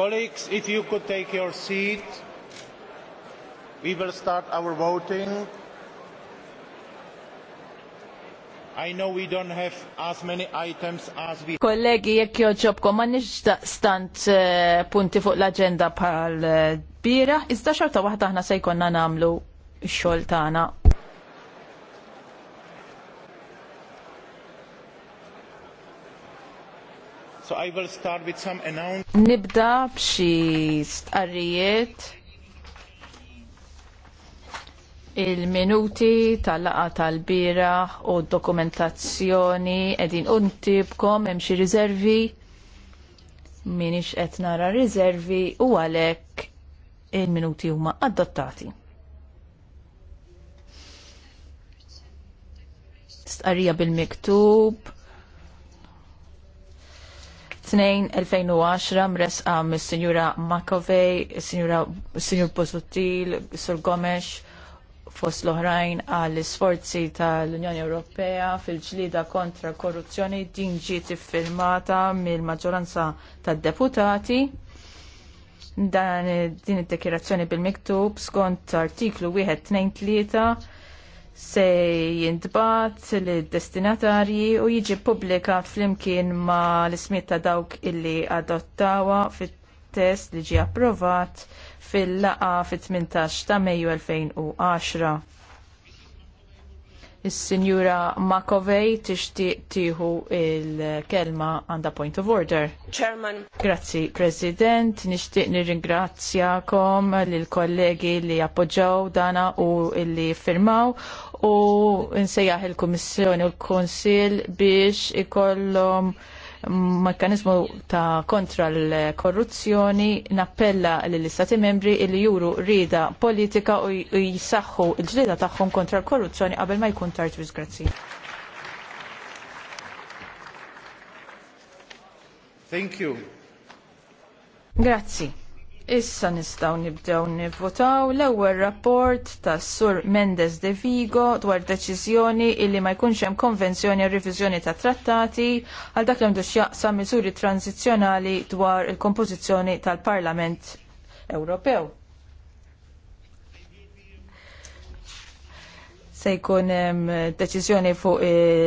Colleagues, if you could take your seat, we will start our voting. I know we don't have as many items as we... Kollegi, jekk joġobkom, ma nix stant eh, punti fuq l-agenda pal eh, bira, iżda xorta wahda ħna sejkonna namlu xol tana So I will start with some announcements. Nibda b'xi stqarrijiet il-minuti tal laqgħa tal-biraħ u d dokumentazzjoni qegħdin untibkom hemm xi riservi minix qed nara riservi u għalhekk il-minuti huma adottati. Stqarrija bil-miktub 2-2010 mresqa mis-Sinjura Makovej, Sinjur Bozutil, Sur Gomes, fost l-oħrajn għall isforzi tal-Unjoni Ewropea fil-ġlida kontra korruzzjoni din ġiet iffirmata mill-maġġoranza tad-deputati. Dan din id-dekirazzjoni bil-miktub skont artiklu wieħed 2 se jintbat l-destinatarji u jiġi publika flimkien ma l-ismiet ta' dawk illi adottawa fit-test li ġie approvat fil-laqa fit-18 ta' Mejju 2010. Is-Sinjura Makovej tixtieq tieħu il-kelma għandha point of order. Chairman. Grazzi, President. Nixtieq nirringrazzjakom lil kollegi li appoġġaw dana u li firmaw u nsejjaħ il-Kummissjoni u l-Kunsil biex ikollhom mekkanizmu ta' kontra l-korruzzjoni nappella l-istati membri il juru rida politika u jisaxħu il-ġlida tagħhom kontra l-korruzzjoni qabel ma jkun tard disgrazzi. Thank you. Grazzi. Issa nistaw nibdew nivvotaw l-ewwel rapport tas Sur Mendes de Vigo dwar deċiżjoni illi ma jkunx hemm konvenzjoni għar riviżjoni ta' trattati għal dak li għandu jaqsam miżuri tranzizzjonali dwar il-kompożizzjoni tal-Parlament Ewropew. Se jkun hemm deċiżjoni fuq